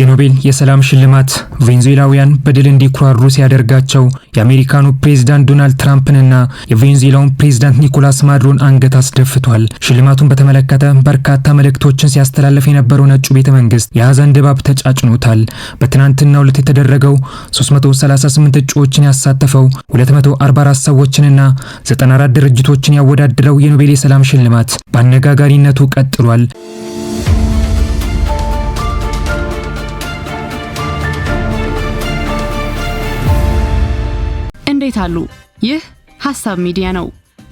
የኖቤል የሰላም ሽልማት ቬንዙዌላውያን በድል እንዲኩራሩ ሲያደርጋቸው የአሜሪካኑ ፕሬዝዳንት ዶናልድ ትራምፕንና የቬንዙዌላውን ፕሬዝዳንት ኒኮላስ ማድሮን አንገት አስደፍቷል። ሽልማቱን በተመለከተ በርካታ መልእክቶችን ሲያስተላልፍ የነበረው ነጩ ቤተ መንግስት የሀዘን ድባብ ተጫጭኖታል። በትናንትናው ዕለት የተደረገው 338 እጩዎችን ያሳተፈው 244 ሰዎችንና 94 ድርጅቶችን ያወዳደረው የኖቤል የሰላም ሽልማት በአነጋጋሪነቱ ቀጥሏል። አሉ? ይህ ሀሳብ ሚዲያ ነው።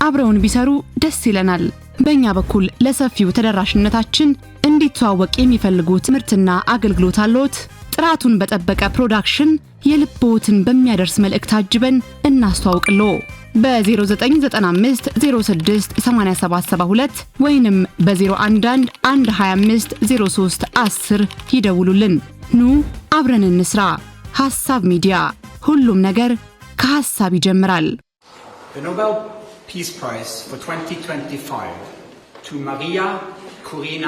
አብረውን ቢሰሩ ደስ ይለናል። በእኛ በኩል ለሰፊው ተደራሽነታችን እንዲተዋወቅ የሚፈልጉት ትምርትና አገልግሎት አለዎት? ጥራቱን በጠበቀ ፕሮዳክሽን የልቦትን በሚያደርስ መልእክት አጅበን እናስተዋውቅሎ በ0995 06 8772 ወይንም በ011 25 03 10 ይደውሉልን። ኑ አብረን እንስራ። ሐሳብ ሚዲያ ሁሉም ነገር ከሀሳብ ይጀምራል። ኖቤል ፒስ ፕራይስ ፎር 2025 ቱ ማሪያ ኩሪና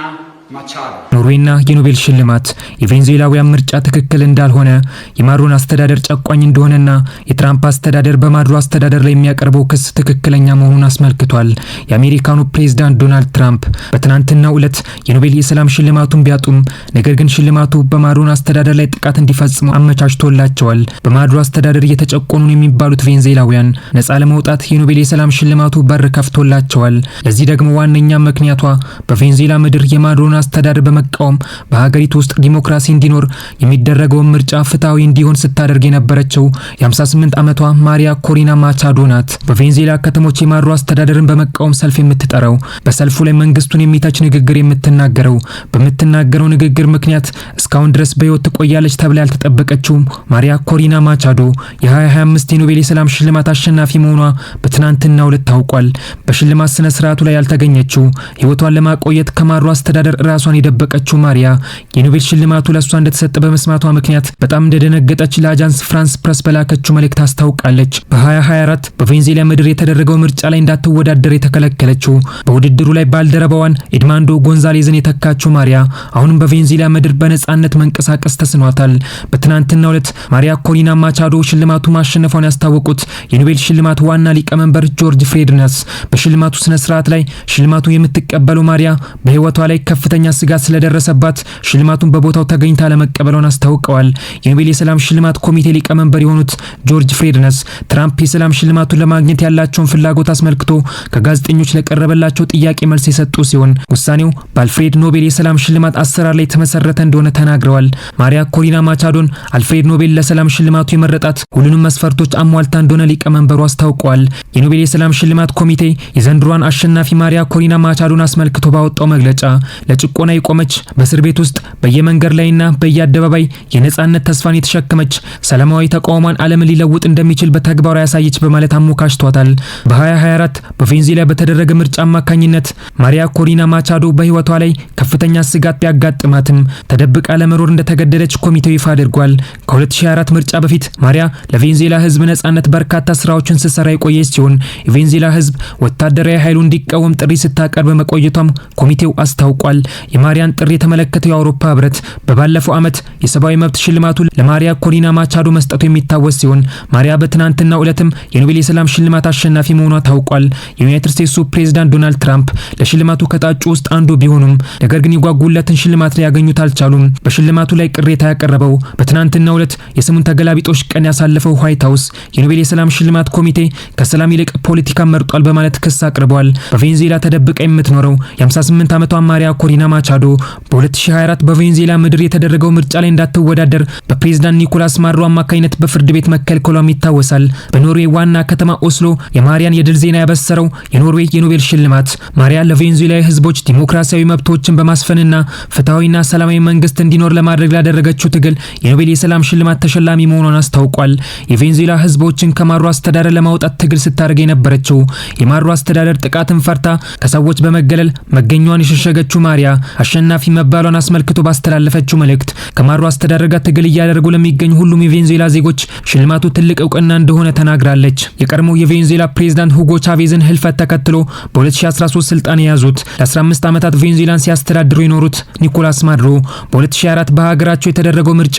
ኖርዌይና የኖቤል ሽልማት የቬንዙዌላውያን ምርጫ ትክክል እንዳልሆነ የማድሮን አስተዳደር ጨቋኝ እንደሆነና የትራምፕ አስተዳደር በማድሮ አስተዳደር ላይ የሚያቀርበው ክስ ትክክለኛ መሆኑን አስመልክቷል። የአሜሪካኑ ፕሬዝዳንት ዶናልድ ትራምፕ በትናንትናው ዕለት የኖቤል የሰላም ሽልማቱን ቢያጡም ነገር ግን ሽልማቱ በማድሮን አስተዳደር ላይ ጥቃት እንዲፈጽሙ አመቻችቶላቸዋል። በማድሮ አስተዳደር እየተጨቆኑ የሚባሉት ቬንዙዌላውያን ነጻ ለመውጣት የኖቤል የሰላም ሽልማቱ በር ከፍቶላቸዋል። ለዚህ ደግሞ ዋነኛ ምክንያቷ በቬንዙዌላ ምድር የማድሮን አስተዳደር በመቃወም በሀገሪቱ ውስጥ ዲሞክራሲ እንዲኖር የሚደረገውን ምርጫ ፍትሐዊ እንዲሆን ስታደርግ የነበረችው የ58 ዓመቷ ማሪያ ኮሪና ማቻዶ ናት። በቬንዜላ ከተሞች የማሩ አስተዳደርን በመቃወም ሰልፍ የምትጠራው፣ በሰልፉ ላይ መንግስቱን የሚታች ንግግር የምትናገረው፣ በምትናገረው ንግግር ምክንያት እስካሁን ድረስ በህይወት ትቆያለች ተብላ ያልተጠበቀችው ማሪያ ኮሪና ማቻዶ የ2025 የኖቤል የሰላም ሽልማት አሸናፊ መሆኗ በትናንትናው ዕለት ታውቋል። በሽልማት ስነ ስርዓቱ ላይ ያልተገኘችው ህይወቷን ለማቆየት ከማሩ አስተዳደር ራሷን የደበቀችው ማሪያ የኖቤል ሽልማቱ ለእሷ እንደተሰጠ በመስማቷ ምክንያት በጣም እንደደነገጠች ለአጃንስ ፍራንስ ፕረስ በላከችው መልእክት አስታውቃለች። በ2024 በቬንዜላ ምድር የተደረገው ምርጫ ላይ እንዳትወዳደር የተከለከለችው በውድድሩ ላይ ባልደረባዋን ኤድማንዶ ጎንዛሌዝን የተካችው ማሪያ አሁንም በቬንዜላ ምድር በነጻነት መንቀሳቀስ ተስኗታል። በትናንትናው ዕለት ማሪያ ኮሪና ማቻዶ ሽልማቱ ማሸነፏን ያስታወቁት የኖቤል ሽልማት ዋና ሊቀመንበር ጆርጅ ፍሬድነስ በሽልማቱ ስነ ስርዓት ላይ ሽልማቱ የምትቀበለው ማሪያ በህይወቷ ላይ ከፍተኛ ከፍተኛ ስጋት ስለደረሰባት ሽልማቱን በቦታው ተገኝታ ለመቀበሏን አስታውቀዋል። የኖቤል የሰላም ሽልማት ኮሚቴ ሊቀመንበር የሆኑት ጆርጅ ፍሬድነስ ትራምፕ የሰላም ሽልማቱን ለማግኘት ያላቸውን ፍላጎት አስመልክቶ ከጋዜጠኞች ለቀረበላቸው ጥያቄ መልስ የሰጡ ሲሆን ውሳኔው በአልፍሬድ ኖቤል የሰላም ሽልማት አሰራር ላይ የተመሰረተ እንደሆነ ተናግረዋል። ማሪያ ኮሪና ማቻዶን አልፍሬድ ኖቤል ለሰላም ሽልማቱ የመረጣት ሁሉንም መስፈርቶች አሟልታ እንደሆነ ሊቀመንበሩ አስታውቀዋል። የኖቤል የሰላም ሽልማት ኮሚቴ የዘንድሯን አሸናፊ ማሪያ ኮሪና ማቻዶን አስመልክቶ ባወጣው መግለጫ ለጭ ጭቆና የቆመች በእስር ቤት ውስጥ በየመንገድ ላይና በየአደባባይ የነጻነት ተስፋን የተሸከመች ሰላማዊ ተቃውሟን አለም ሊለውጥ እንደሚችል በተግባር ያሳየች በማለት አሞካሽቷታል። በ2024 በቬንዙዌላ በተደረገ ምርጫ አማካኝነት ማሪያ ኮሪና ማቻዶ በህይወቷ ላይ ከፍተኛ ስጋት ቢያጋጥማትም ተደብቃ ለመኖር እንደተገደደች ኮሚቴው ይፋ አድርጓል። ከ2024 ምርጫ በፊት ማሪያ ለቬንዙዌላ ህዝብ ነጻነት በርካታ ስራዎችን ስትሰራ የቆየች ሲሆን የቬንዙዌላ ህዝብ ወታደራዊ ኃይሉ እንዲቃወም ጥሪ ስታቀርብ መቆየቷም ኮሚቴው አስታውቋል። የማሪያን ጥሪ የተመለከተው የአውሮፓ ህብረት በባለፈው ዓመት የሰብአዊ መብት ሽልማቱን ለማሪያ ኮሪና ማቻዶ መስጠቱ የሚታወስ ሲሆን ማሪያ በትናንትናው ዕለትም የኖቤል የሰላም ሽልማት አሸናፊ መሆኗ ታውቋል። የዩናይትድ ስቴትሱ ፕሬዚዳንት ዶናልድ ትራምፕ ለሽልማቱ ከጣጩ ውስጥ አንዱ ቢሆኑም ነገር ግን የጓጉለትን ሽልማት ሊያገኙት አልቻሉም። በሽልማቱ ላይ ቅሬታ ያቀረበው በትናንትናው ዕለት የስሙን ተገላቢጦች ቀን ያሳለፈው ዋይት ሀውስ የኖቤል የሰላም ሽልማት ኮሚቴ ከሰላም ይልቅ ፖለቲካ መርጧል በማለት ክስ አቅርበዋል። በቬንዙዌላ ተደብቃ የምትኖረው የ58 ዓመቷ ማሪያ ኮሪና ሪና ማቻዶ በ2024 በቬንዜላ ምድር የተደረገው ምርጫ ላይ እንዳትወዳደር በፕሬዝዳንት ኒኮላስ ማድሮ አማካኝነት በፍርድ ቤት መከልከሏም ይታወሳል። በኖርዌይ ዋና ከተማ ኦስሎ የማሪያን የድል ዜና ያበሰረው የኖርዌይ የኖቤል ሽልማት ማሪያ ለቬንዙዌላዊ ህዝቦች ዲሞክራሲያዊ መብቶችን በማስፈንና ፍትሐዊና ሰላማዊ መንግስት እንዲኖር ለማድረግ ላደረገችው ትግል የኖቤል የሰላም ሽልማት ተሸላሚ መሆኗን አስታውቋል። የቬንዙዌላ ህዝቦችን ከማድሮ አስተዳደር ለማውጣት ትግል ስታደርግ የነበረችው የማድሮ አስተዳደር ጥቃትን ፈርታ ከሰዎች በመገለል መገኛዋን የሸሸገችው ማሪያ አሸናፊ መባሏን አስመልክቶ ባስተላለፈችው መልእክት ከማሮ አስተዳደር ጋር ትግል እያደረጉ ለሚገኙ ሁሉም የቬንዙዌላ ዜጎች ሽልማቱ ትልቅ እውቅና እንደሆነ ተናግራለች። የቀድሞው የቬንዙዌላ ፕሬዚዳንት ሁጎ ቻቬዝን ህልፈት ተከትሎ በ2013 ስልጣን የያዙት ለ15 ዓመታት ቬንዙዌላን ሲያስተዳድሩ የኖሩት ኒኮላስ ማድሮ በ2004 በሀገራቸው የተደረገው ምርጫ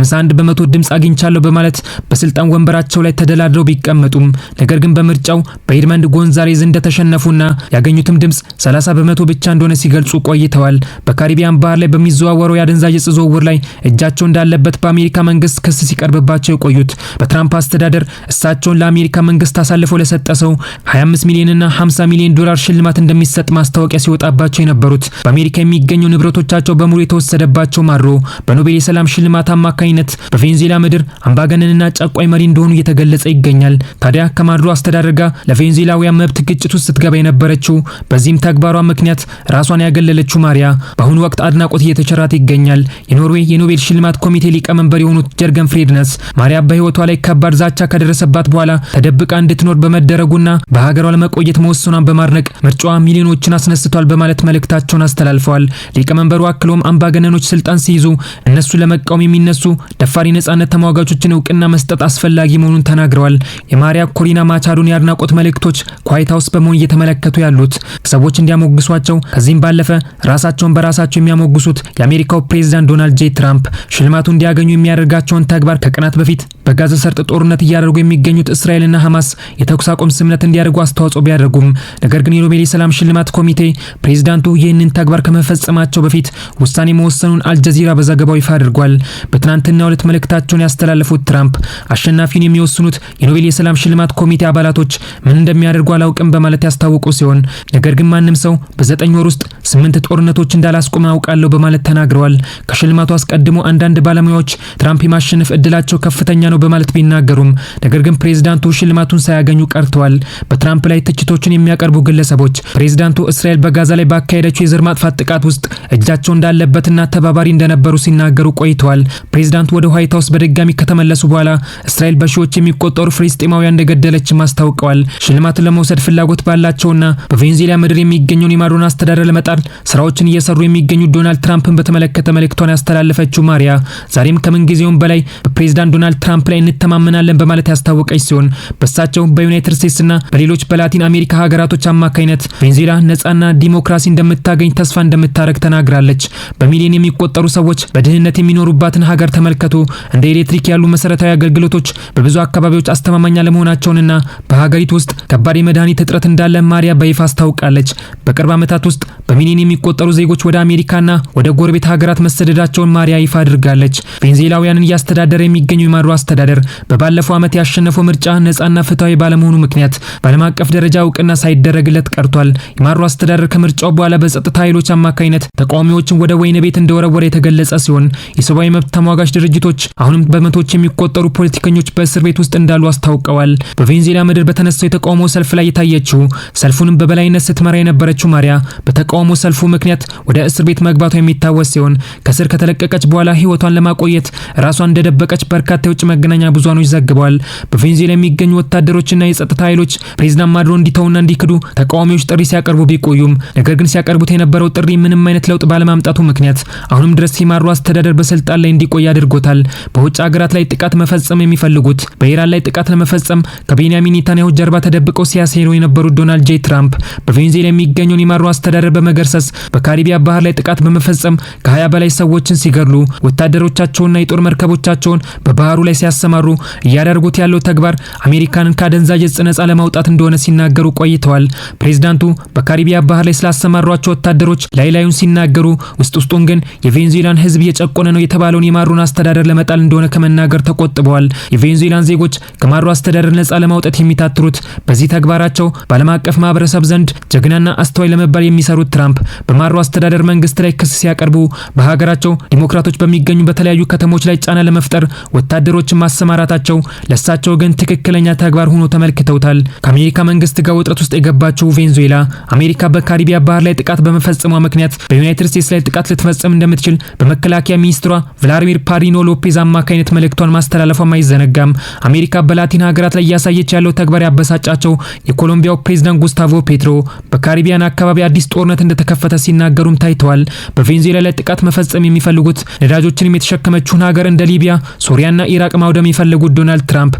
51 በመቶ ድምፅ አግኝቻለሁ በማለት በስልጣን ወንበራቸው ላይ ተደላድረው ቢቀመጡም ነገር ግን በምርጫው በኤድመንድ ጎንዛሌዝ እንደተሸነፉና ያገኙትም ድምፅ 30 በመቶ ብቻ እንደሆነ ሲገልጹ ቆይተዋል። ቆይተዋል። በካሪቢያን ባህር ላይ በሚዘዋወረው የአደንዛዥ እጽ ዝውውር ላይ እጃቸው እንዳለበት በአሜሪካ መንግስት ክስ ሲቀርብባቸው የቆዩት በትራምፕ አስተዳደር እሳቸውን ለአሜሪካ መንግስት አሳልፈው ለሰጠ ሰው 25 ሚሊዮንና 50 ሚሊዮን ዶላር ሽልማት እንደሚሰጥ ማስታወቂያ ሲወጣባቸው የነበሩት በአሜሪካ የሚገኙ ንብረቶቻቸው በሙሉ የተወሰደባቸው ማሮ በኖቤል የሰላም ሽልማት አማካኝነት በቬንዙዌላ ምድር አምባገነንና ጫቋይ መሪ እንደሆኑ እየተገለጸ ይገኛል። ታዲያ ከማድሮ አስተዳደር ጋር ለቬንዙዌላውያን መብት ግጭት ውስጥ ስትገባ የነበረችው በዚህም ተግባሯ ምክንያት ራሷን ያገለለችው ሱማሪያ በአሁኑ ወቅት አድናቆት እየተቸራት ይገኛል። የኖርዌይ የኖቤል ሽልማት ኮሚቴ ሊቀመንበር የሆኑት ጀርገን ፍሬድነስ ማሪያ በህይወቷ ላይ ከባድ ዛቻ ከደረሰባት በኋላ ተደብቃ እንድትኖር በመደረጉና በሀገሯ ለመቆየት መወሰኗን በማድነቅ ምርጫዋ ሚሊዮኖችን አስነስቷል በማለት መልእክታቸውን አስተላልፈዋል። ሊቀመንበሩ አክለውም አምባገነኖች ስልጣን ሲይዙ እነሱ ለመቃወም የሚነሱ ደፋሪ ነጻነት ተሟጋቾችን እውቅና መስጠት አስፈላጊ መሆኑን ተናግረዋል። የማሪያ ኮሪና ማቻዶን የአድናቆት መልእክቶች ከዋይት ሀውስ በመሆን እየተመለከቱ ያሉት ሰዎች እንዲያሞግሷቸው ከዚህም ባለፈ ራሳቸውን በራሳቸው የሚያሞግሱት የአሜሪካው ፕሬዚዳንት ዶናልድ ጄ ትራምፕ ሽልማቱ እንዲያገኙ የሚያደርጋቸውን ተግባር ከቀናት በፊት በጋዛ ሰርጥ ጦርነት እያደረጉ የሚገኙት እስራኤልና ሐማስ የተኩስ አቁም ስምምነት እንዲያደርጉ አስተዋጽኦ ቢያደርጉም ነገር ግን የኖቤል የሰላም ሽልማት ኮሚቴ ፕሬዚዳንቱ ይህንን ተግባር ከመፈጸማቸው በፊት ውሳኔ መወሰኑን አልጀዚራ በዘገባው ይፋ አድርጓል። በትናንትና ሁለት መልእክታቸውን ያስተላለፉት ትራምፕ አሸናፊውን የሚወስኑት የኖቤል የሰላም ሽልማት ኮሚቴ አባላቶች ምን እንደሚያደርጉ አላውቅም በማለት ያስታወቁ ሲሆን ነገር ግን ማንም ሰው በዘጠኝ ወር ውስጥ ስምንት ጦር ጦርነቶች እንዳላስቆመ አውቃለሁ በማለት ተናግረዋል። ከሽልማቱ አስቀድሞ አንዳንድ ባለሙያዎች ትራምፕ የማሸነፍ እድላቸው ከፍተኛ ነው በማለት ቢናገሩም ነገር ግን ፕሬዝዳንቱ ሽልማቱን ሳያገኙ ቀርተዋል። በትራምፕ ላይ ትችቶችን የሚያቀርቡ ግለሰቦች ፕሬዝዳንቱ እስራኤል በጋዛ ላይ ባካሄደችው የዘር ማጥፋት ጥቃት ውስጥ እጃቸው እንዳለበትና ተባባሪ እንደነበሩ ሲናገሩ ቆይተዋል። ፕሬዝዳንቱ ወደ ዋይት ሀውስ በድጋሚ ከተመለሱ በኋላ እስራኤል በሺዎች የሚቆጠሩ ፍልስጤማውያን እንደገደለችም አስታውቀዋል። ሽልማቱን ለመውሰድ ፍላጎት ባላቸውና በቬንዙዌላ ምድር የሚገኘውን የማዶን አስተዳደር ለመጣል ስራዎች ስራዎችን እየሰሩ የሚገኙ ዶናልድ ትራምፕን በተመለከተ መልእክቷን ያስተላለፈችው ማሪያ ዛሬም ከምንጊዜውም በላይ በፕሬዚዳንት ዶናልድ ትራምፕ ላይ እንተማመናለን በማለት ያስታወቀች ሲሆን በሳቸው በዩናይትድ ስቴትስና በሌሎች በላቲን አሜሪካ ሀገራቶች አማካኝነት ቬንዙዌላ ነጻና ዲሞክራሲ እንደምታገኝ ተስፋ እንደምታደረግ ተናግራለች። በሚሊዮን የሚቆጠሩ ሰዎች በድህነት የሚኖሩባትን ሀገር ተመልከቱ። እንደ ኤሌክትሪክ ያሉ መሰረታዊ አገልግሎቶች በብዙ አካባቢዎች አስተማማኝ አለመሆናቸውንና በሀገሪቱ ውስጥ ከባድ የመድኃኒት እጥረት እንዳለ ማሪያ በይፋ አስታውቃለች። በቅርብ ዓመታት ውስጥ በሚሊዮን የሚቆጠሩ የተቆጠሩ ዜጎች ወደ አሜሪካና ወደ ጎረቤት ሀገራት መሰደዳቸውን ማሪያ ይፋ አድርጋለች። ቬንዜላውያንን እያስተዳደረ የሚገኘው የማዱሮ አስተዳደር በባለፈው ዓመት ያሸነፈው ምርጫ ነጻና ፍትሐዊ ባለመሆኑ ምክንያት በዓለም አቀፍ ደረጃ እውቅና ሳይደረግለት ቀርቷል። የማዱሮ አስተዳደር ከምርጫው በኋላ በጸጥታ ኃይሎች አማካኝነት ተቃዋሚዎችን ወደ ወይን ቤት እንደወረወረ የተገለጸ ሲሆን የሰብአዊ መብት ተሟጋች ድርጅቶች አሁንም በመቶዎች የሚቆጠሩ ፖለቲከኞች በእስር ቤት ውስጥ እንዳሉ አስታውቀዋል። በቬንዜላ ምድር በተነሳው የተቃውሞ ሰልፍ ላይ የታየችው ሰልፉንም በበላይነት ስትመራ የነበረችው ማሪያ በተቃውሞ ሰልፉ ምክንያት ወደ እስር ቤት መግባቷ የሚታወስ ሲሆን ከስር ከተለቀቀች በኋላ ህይወቷን ለማቆየት ራሷን እንደደበቀች በርካታ የውጭ መገናኛ ብዙሃኖች ዘግበዋል። በቬንዙዌላ የሚገኙ ወታደሮችና የጸጥታ ኃይሎች ፕሬዚዳንት ማድሮ እንዲተውና እንዲክዱ ተቃዋሚዎች ጥሪ ሲያቀርቡ ቢቆዩም ነገር ግን ሲያቀርቡት የነበረው ጥሪ ምንም አይነት ለውጥ ባለማምጣቱ ምክንያት አሁንም ድረስ ሲማሩ አስተዳደር በስልጣን ላይ እንዲቆይ አድርጎታል። በውጭ ሀገራት ላይ ጥቃት መፈጸም የሚፈልጉት በኢራን ላይ ጥቃት ለመፈጸም ከቤንያሚን ኔታንያሁ ጀርባ ተደብቀው ሲያሴሩ የነበሩት ዶናልድ ጄ ትራምፕ በቬንዙዌላ የሚገኘውን የማድሮ አስተዳደር በመገርሰስ በካሪቢያ ባህር ላይ ጥቃት በመፈጸም ከ20 በላይ ሰዎችን ሲገድሉ ወታደሮቻቸውና የጦር መርከቦቻቸውን በባህሩ ላይ ሲያሰማሩ እያደረጉት ያለው ተግባር አሜሪካንን ከአደንዛዥ እጽ ነጻ ለማውጣት እንደሆነ ሲናገሩ ቆይተዋል። ፕሬዝዳንቱ በካሪቢያ ባህር ላይ ስላሰማሯቸው ወታደሮች ላይ ላዩን ሲናገሩ ውስጥ ውስጡን ግን የቬንዙዌላን ህዝብ እየጨቆነ ነው የተባለውን የማሩን አስተዳደር ለመጣል እንደሆነ ከመናገር ተቆጥበዋል። የቬንዙዌላን ዜጎች ከማሩ አስተዳደር ነጻ ለማውጣት የሚታትሩት በዚህ ተግባራቸው በዓለም አቀፍ ማህበረሰብ ዘንድ ጀግናና አስተዋይ ለመባል የሚሰሩት ትራምፕ የአማሮ አስተዳደር መንግስት ላይ ክስ ሲያቀርቡ በሀገራቸው ዲሞክራቶች በሚገኙ በተለያዩ ከተሞች ላይ ጫና ለመፍጠር ወታደሮችን ማሰማራታቸው ለሳቸው ግን ትክክለኛ ተግባር ሆኖ ተመልክተውታል። ከአሜሪካ መንግስት ጋር ውጥረት ውስጥ የገባችው ቬንዙዌላ አሜሪካ በካሪቢያ ባህር ላይ ጥቃት በመፈጸሟ ምክንያት በዩናይትድ ስቴትስ ላይ ጥቃት ልትፈጽም እንደምትችል በመከላከያ ሚኒስትሯ ቭላዲሚር ፓሪኖ ሎፔዝ አማካኝነት መልእክቷን ማስተላለፏም አይዘነጋም። አሜሪካ በላቲን ሀገራት ላይ እያሳየች ያለው ተግባር ያበሳጫቸው የኮሎምቢያው ፕሬዚዳንት ጉስታቮ ፔትሮ በካሪቢያን አካባቢ አዲስ ጦርነት እንደተከፈተ ሲናገሩም ታይተዋል። በቬንዙዌላ ላይ ጥቃት መፈጸም የሚፈልጉት ነዳጆችንም የተሸከመችውን ሀገር እንደ ሊቢያ፣ ሶሪያና ኢራቅ ማውደም የፈለጉት ዶናልድ ትራምፕ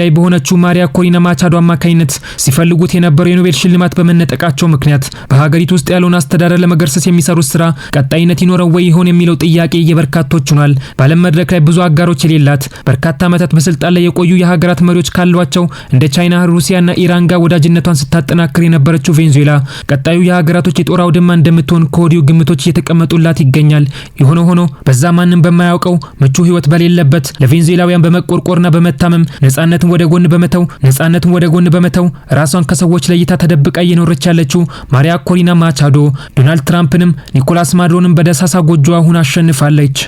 ላይ በሆነችው ማሪያ ኮሪና ማቻዶ አማካኝነት ሲፈልጉት የነበረው የኖቤል ሽልማት በመነጠቃቸው ምክንያት በሀገሪቱ ውስጥ ያለውን አስተዳደር ለመገርሰስ የሚሰሩት ስራ ቀጣይነት ይኖረው ወይ ይሆን የሚለው ጥያቄ የበርካቶች ሆኗል። በዓለም መድረክ ላይ ብዙ አጋሮች የሌላት በርካታ ዓመታት በስልጣን ላይ የቆዩ የሀገራት መሪዎች ካሏቸው እንደ ቻይና፣ ሩሲያና ኢራን ጋር ወዳጅነቷን ስታጠናክር የነበረችው ቬንዙዌላ ቀጣዩ የሀገራቶች የጦር አውድማ እንደም እንደምትሆን ከወዲሁ ግምቶች እየተቀመጡላት ይገኛል። የሆነ ሆኖ በዛ ማንም በማያውቀው ምቹ ህይወት በሌለበት ለቬንዙዌላውያን በመቆርቆርና በመታመም ነጻነትን ወደ ጎን በመተው ነጻነትን ወደ ጎን በመተው ራሷን ከሰዎች ለይታ ተደብቃ እየኖረች ያለችው ማሪያ ኮሪና ማቻዶ ዶናልድ ትራምፕንም ኒኮላስ ማዱሮንም በደሳሳ ጎጆዋ ሁና አሸንፋለች።